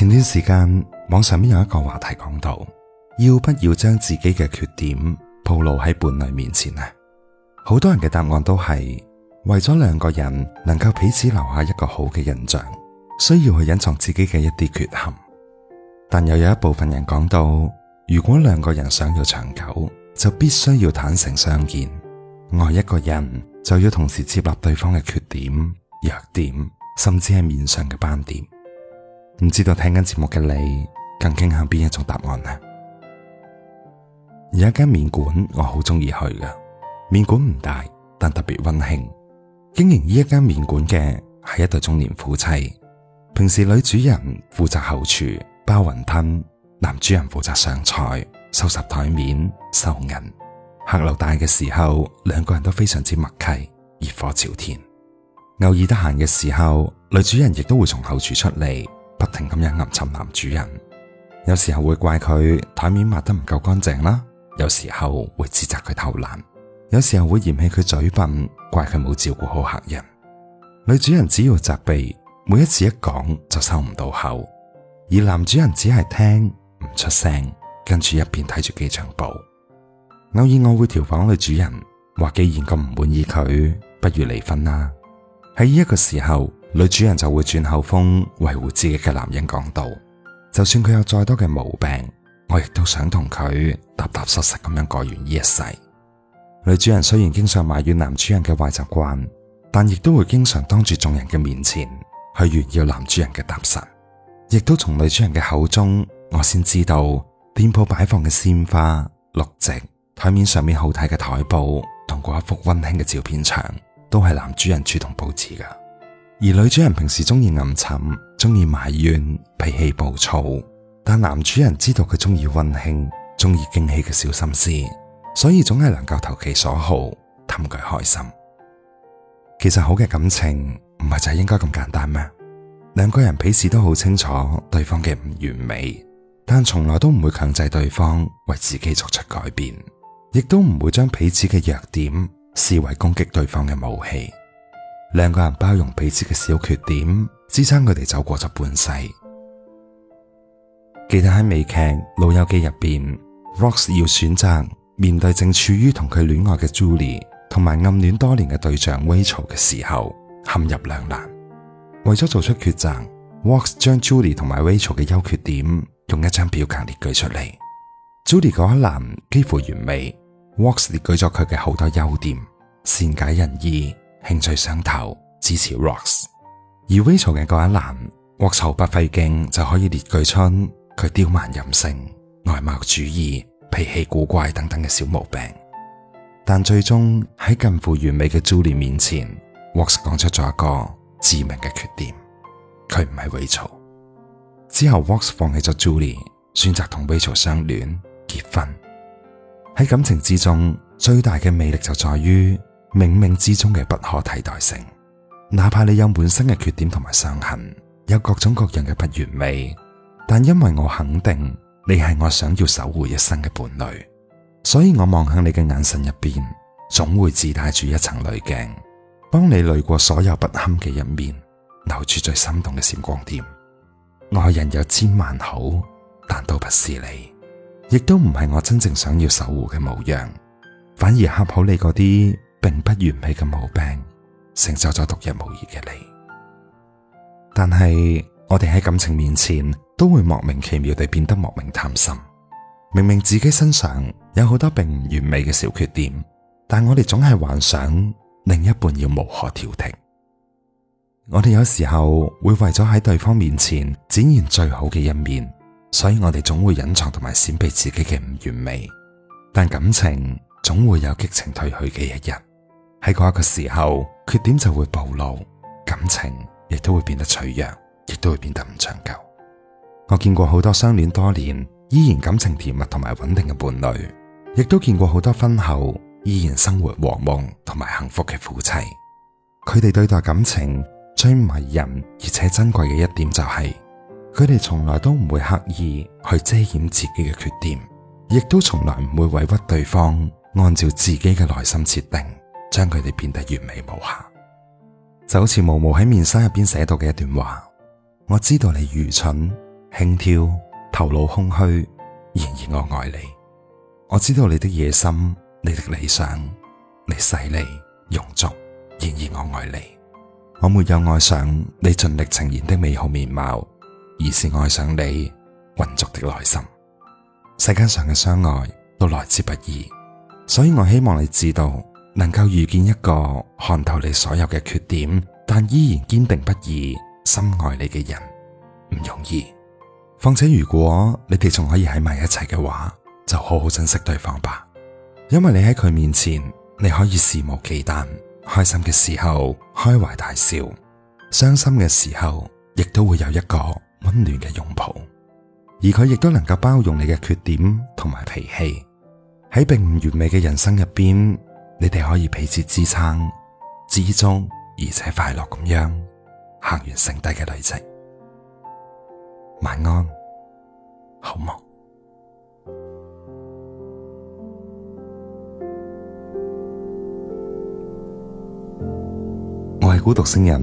前段時間網上面有一個話題講到，要不要將自己嘅缺點暴露喺伴侶面前呢？好多人嘅答案都係為咗兩個人能夠彼此留下一個好嘅印象，需要去隱藏自己嘅一啲缺陷。但又有一部分人講到，如果兩個人想要長久，就必須要坦誠相見。愛一個人就要同時接納對方嘅缺點、弱點，甚至係面上嘅斑點。唔知道聽緊節目嘅你更傾向邊一種答案呢、啊？有一間麵館，我好中意去嘅。麵館唔大，但特別温馨。經營呢一間麵館嘅係一對中年夫妻，平時女主人負責後廚包雲吞，男主人負責上菜、收拾台面、收銀。客流大嘅時候，兩個人都非常之默契，熱火朝天。偶爾得閒嘅時候，女主人亦都會從後廚出嚟。不停咁樣暗沉男主人，有時候會怪佢台面抹得唔夠乾淨啦，有時候會指責佢偷懶，有時候會嫌棄佢嘴笨，怪佢冇照顧好客人。女主人只要責備，每一次一講就收唔到口，而男主人只係聽唔出聲，跟住一邊睇住機場報。偶爾我會調訪女主人，話既然咁唔滿意佢，不如離婚啦。喺呢一個時候，女主人就會轉口風維護自己嘅男人講道，就算佢有再多嘅毛病，我亦都想同佢踏踏實實咁樣過完呢一世。女主人雖然經常埋怨男主人嘅壞習慣，但亦都會經常當住眾人嘅面前去炫耀男主人嘅踏實，亦都從女主人嘅口中，我先知道店鋪擺放嘅鮮花綠植、台面上面好睇嘅台布同嗰一幅溫馨嘅照片牆，都係男主人主動布置噶。而女主人平時中意暗沉，中意埋怨，脾氣暴躁。但男主人知道佢中意溫馨，中意驚喜嘅小心思，所以總係能夠投其所好，氹佢開心。其實好嘅感情唔係就係應該咁簡單咩？兩個人彼此都好清楚對方嘅唔完美，但從來都唔會強制對方為自己作出改變，亦都唔會將彼此嘅弱點視為攻擊對方嘅武器。兩個人包容彼此嘅小缺點，支撐佢哋走過咗半世。記得喺美劇《老友記》入邊，Ross 要選擇面對正處於同佢戀愛嘅 Julie，同埋暗戀多年嘅對象 Rachel 嘅時候，陷入兩難。為咗做出抉擇，Ross 將 Julie 同埋 Rachel 嘅優缺點用一張表格列舉出嚟。Julie 嗰一欄幾乎完美，Ross 列舉咗佢嘅好多優點，善解人意。興趣相投，支持 Rox。而 Rachel 嘅嗰一欄，Rox 毫不費勁，就可以列舉出佢刁蠻任性、外貌主義、脾氣古怪等等嘅小毛病。但最終喺近乎完美嘅 Julie 面前，Rox 講出咗一個致命嘅缺點，佢唔係 Rachel。之後 Rox 放棄咗 Julie，選擇同 Rachel 相戀結婚。喺感情之中，最大嘅魅力就在於。冥冥之中嘅不可替代性，哪怕你有滿身嘅缺點同埋傷痕，有各種各樣嘅不完美，但因為我肯定你係我想要守護一生嘅伴侶，所以我望向你嘅眼神入邊，總會自帶住一層濾鏡，幫你濾過所有不堪嘅一面，留住最心動嘅閃光點。愛人有千萬好，但都不是你，亦都唔係我真正想要守護嘅模樣，反而恰好你嗰啲。並不完美嘅毛病，成就咗獨一無二嘅你。但係我哋喺感情面前，都會莫名其妙地變得莫名貪心。明明自己身上有好多並唔完美嘅小缺點，但我哋總係幻想另一半要無可挑剔。我哋有時候會為咗喺對方面前展現最好嘅一面，所以我哋總會隱藏同埋閃避自己嘅唔完美。但感情總會有激情褪去嘅一日。喺嗰一個時候，缺點就會暴露，感情亦都會變得脆弱，亦都會變得唔長久。我見過好多相戀多年依然感情甜蜜同埋穩定嘅伴侶，亦都見過好多婚後依然生活和睦同埋幸福嘅夫妻。佢哋對待感情最迷人而且珍貴嘅一點就係，佢哋從來都唔會刻意去遮掩自己嘅缺點，亦都從來唔會委屈對方，按照自己嘅內心設定。將佢哋變得完美無瑕，就好似毛姆喺面紗入邊寫到嘅一段話：我知道你愚蠢、輕佻、頭腦空虛，然而我愛你；我知道你的野心、你的理想、你勢利、庸俗，然而我愛你。我沒有愛上你盡力呈現的美好面貌，而是愛上你渾濁的內心。世間上嘅相愛都來之不易，所以我希望你知道。能夠遇見一個看透你所有嘅缺點，但依然堅定不移、深愛你嘅人，唔容易。況且如果你哋仲可以喺埋一齊嘅話，就好好珍惜對方吧。因為你喺佢面前，你可以肆無忌憚，開心嘅時候開懷大笑，傷心嘅時候亦都會有一個溫暖嘅擁抱。而佢亦都能夠包容你嘅缺點同埋脾氣，喺並唔完美嘅人生入邊。你哋可以彼此支撐、之中而且快樂咁樣行完剩低嘅旅程。晚安，好夢。我係孤獨星人，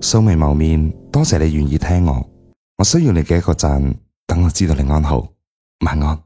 素未謀面，多謝你願意聽我。我需要你嘅一個讚，等我知道你安好。晚安。